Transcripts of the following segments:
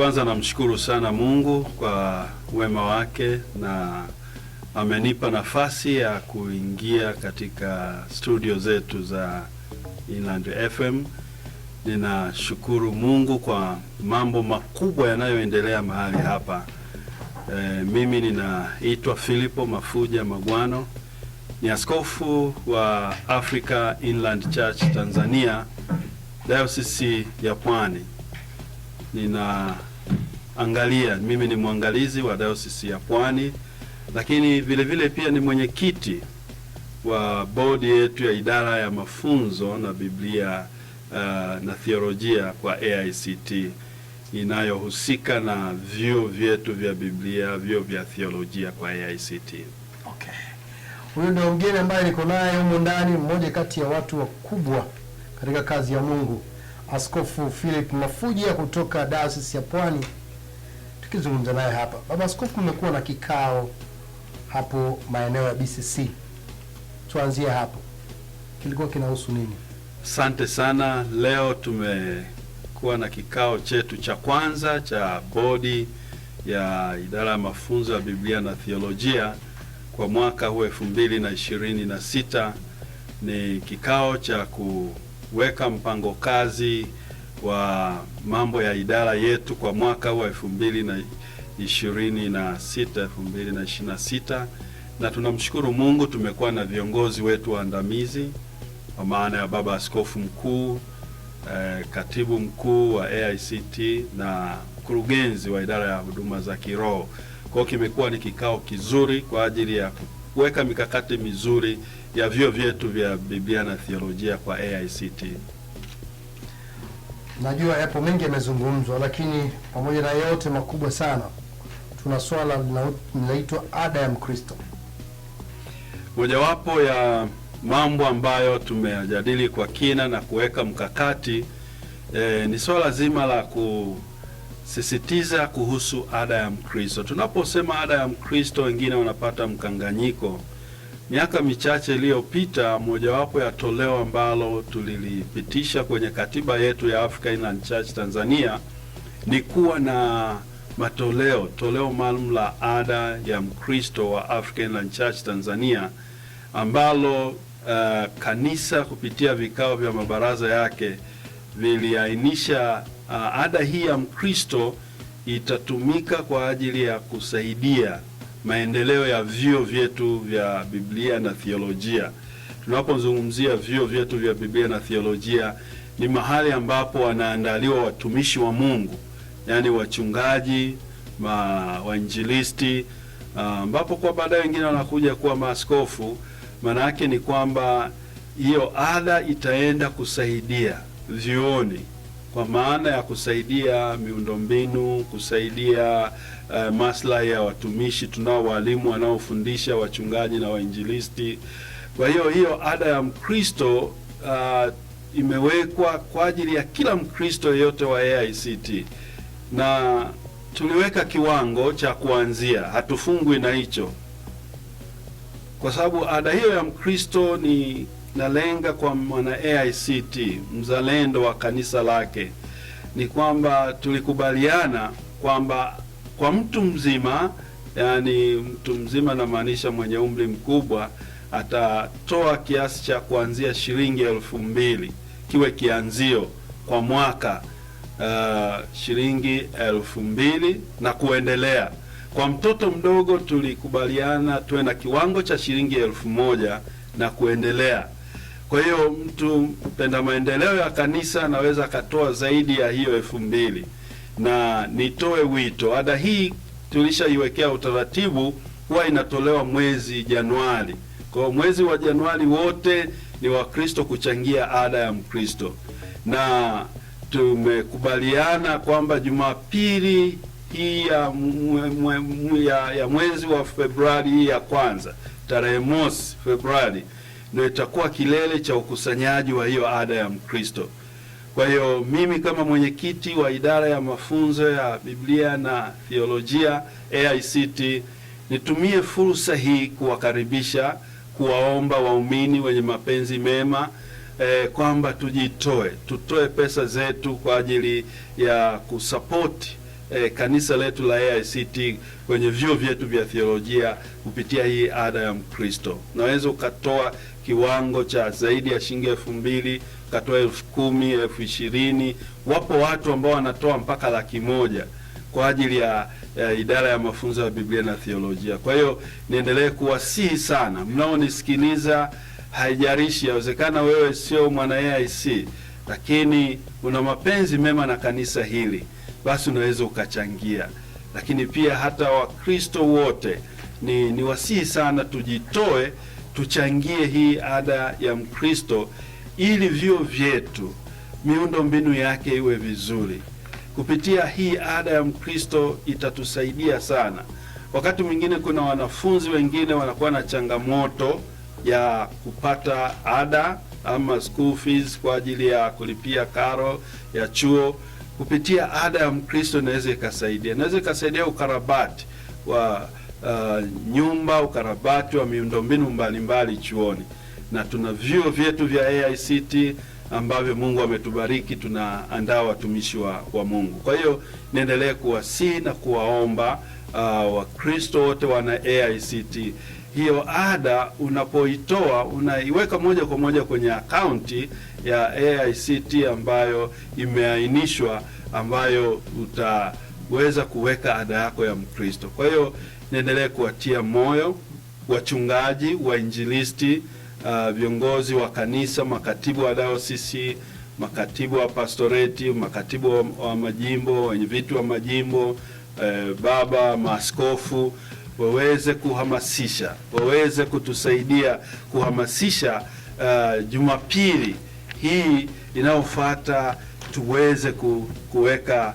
Kwanza namshukuru sana Mungu kwa wema wake na amenipa nafasi ya kuingia katika studio zetu za Inland FM. Ninashukuru Mungu kwa mambo makubwa yanayoendelea mahali hapa. E, mimi ninaitwa Filipo Mafuja Magwano, ni askofu wa Africa Inland Church Tanzania, Dayosisi ya Pwani. Nina angalia, mimi ni mwangalizi wa Dayosisi ya Pwani, lakini vile vile pia ni mwenyekiti wa bodi yetu ya idara ya mafunzo na Biblia uh, na theolojia kwa AICT inayohusika na vyuo vyetu vya Biblia, vyuo vya theolojia kwa AICT. Okay. Huyu ndio mgeni ambaye niko naye humo ndani, mmoja kati ya watu wakubwa katika kazi ya Mungu, Askofu Philip Mafuja kutoka Dayosisi ya Pwani tukizungumza naye hapa, baba askofu, kumekuwa na kikao hapo maeneo ya BCC, tuanzie hapo, kilikuwa kinahusu nini? Asante sana. Leo tumekuwa na kikao chetu cha kwanza cha bodi ya idara ya mafunzo ya Biblia na theolojia kwa mwaka huu elfu mbili na ishirini na sita. Ni kikao cha kuweka mpango kazi wa mambo ya idara yetu kwa mwaka wa elfu mbili na ishirini na sita elfu mbili na ishirini na sita na tunamshukuru Mungu tumekuwa na viongozi wetu waandamizi kwa maana ya baba askofu mkuu eh, katibu mkuu wa AICT na mkurugenzi wa idara ya huduma za kiroho. Kwa hiyo kimekuwa ni kikao kizuri kwa ajili ya kuweka mikakati mizuri ya vyuo vyetu vya Biblia na Theolojia kwa AICT. Najua yapo mengi yamezungumzwa, lakini pamoja na yote makubwa sana, tuna swala linaloitwa ada ya Mkristo. Mojawapo ya mambo ambayo tumeyajadili kwa kina na kuweka mkakati eh, ni swala zima la kusisitiza kuhusu ada ya Mkristo. Tunaposema ada ya Mkristo, wengine wanapata mkanganyiko Miaka michache iliyopita, mojawapo ya toleo ambalo tulilipitisha kwenye katiba yetu ya Africa Inland Church Tanzania ni kuwa na matoleo toleo maalum la ada ya Mkristo wa Africa Inland Church Tanzania ambalo uh, kanisa kupitia vikao vya mabaraza yake viliainisha uh, ada hii ya Mkristo itatumika kwa ajili ya kusaidia maendeleo ya vyuo vyetu vya Biblia na theolojia. Tunapozungumzia vyuo vyetu vya Biblia na theolojia, ni mahali ambapo wanaandaliwa watumishi wa Mungu, yaani wachungaji, wainjilisti, ah, ambapo kwa baadaye wengine wanakuja kuwa maaskofu. Maana yake ni kwamba hiyo ada itaenda kusaidia vyuoni kwa maana ya kusaidia miundombinu, kusaidia uh, maslahi ya watumishi. Tunao walimu wanaofundisha, wachungaji na wainjilisti. Kwa hiyo hiyo ada ya Mkristo uh, imewekwa kwa ajili ya kila Mkristo yeyote wa AICT na tuliweka kiwango cha kuanzia, hatufungwi na hicho, kwa sababu ada hiyo ya Mkristo ni nalenga kwa mwana AICT mzalendo wa kanisa lake ni kwamba tulikubaliana kwamba kwa mtu mzima, yani mtu mzima namaanisha mwenye umri mkubwa, atatoa kiasi cha kuanzia shilingi elfu mbili kiwe kianzio kwa mwaka uh, shilingi elfu mbili na kuendelea. Kwa mtoto mdogo tulikubaliana tuwe na kiwango cha shilingi elfu moja na kuendelea kwa hiyo mtu mpenda maendeleo ya kanisa anaweza akatoa zaidi ya hiyo elfu mbili na nitoe wito, ada hii tulishaiwekea utaratibu, huwa inatolewa mwezi Januari. Kwa hiyo mwezi wa Januari wote ni Wakristo kuchangia ada ya Mkristo, na tumekubaliana kwamba Jumapili hii ya, ya, ya mwezi wa Februari hii ya kwanza tarehe mosi Februari na itakuwa kilele cha ukusanyaji wa hiyo ada ya Mkristo. Kwa hiyo mimi kama mwenyekiti wa idara ya mafunzo ya Biblia na Theolojia AICT nitumie fursa hii kuwakaribisha, kuwaomba waumini wenye mapenzi mema eh, kwamba tujitoe, tutoe pesa zetu kwa ajili ya kusapoti E, eh, kanisa letu la AICT kwenye vyuo vyetu vya theolojia kupitia hii ada ya Mkristo. Unaweza ukatoa kiwango cha zaidi ya shilingi elfu mbili katoa elfu kumi elfu ishirini Wapo watu ambao wanatoa mpaka laki moja kwa ajili ya, ya idara ya mafunzo ya Biblia na theolojia. Kwa hiyo niendelee kuwasihi sana mnaonisikiliza, haijarishi, yawezekana wewe sio mwana AIC lakini una mapenzi mema na kanisa hili, basi unaweza ukachangia. Lakini pia hata Wakristo wote ni, ni wasihi sana tujitoe tuchangie hii ada ya Mkristo ili vyuo vyetu miundo mbinu yake iwe vizuri. Kupitia hii ada ya Mkristo itatusaidia sana. Wakati mwingine kuna wanafunzi wengine wanakuwa na changamoto ya kupata ada ama school fees kwa ajili ya kulipia karo ya chuo. Kupitia ada ya Mkristo inaweza ikasaidia, inaweza ikasaidia ukarabati wa uh, nyumba, ukarabati wa miundombinu mbalimbali chuoni, na tuna vyuo vyetu vya AICT ambavyo Mungu ametubariki, tunaandaa watumishi wa, wa Mungu. Kwa hiyo niendelee kuwasihi na kuwaomba uh, Wakristo wote wana AICT hiyo ada unapoitoa unaiweka moja kwa moja kwenye akaunti ya AICT ambayo imeainishwa, ambayo uta kuweza kuweka ada yako ya Mkristo. Kwa hiyo niendelee kuwatia moyo wachungaji, wainjilisti, uh, viongozi wa kanisa, makatibu wa dayosisi, makatibu wa pastoreti, makatibu wa, wa majimbo, wenye vitu wa majimbo, eh, baba maaskofu waweze kuhamasisha, waweze kutusaidia kuhamasisha uh, Jumapili hii inayofuata tuweze kuweka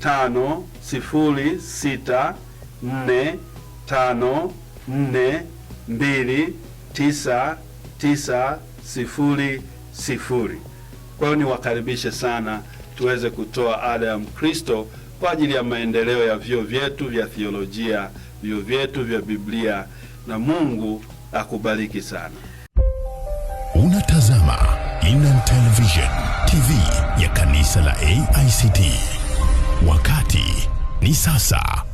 tano sifuri sita nne tano nne mbili tisa tisa sifuri sifuri. Kwa hiyo niwakaribishe sana tuweze kutoa ada ya Mkristo kwa ajili ya maendeleo ya vyuo vyetu vya theolojia, vyuo vyetu vya Biblia, na Mungu akubariki sana. Unatazama Inam Television, TV ya kanisa la AICT. Wakati ni sasa.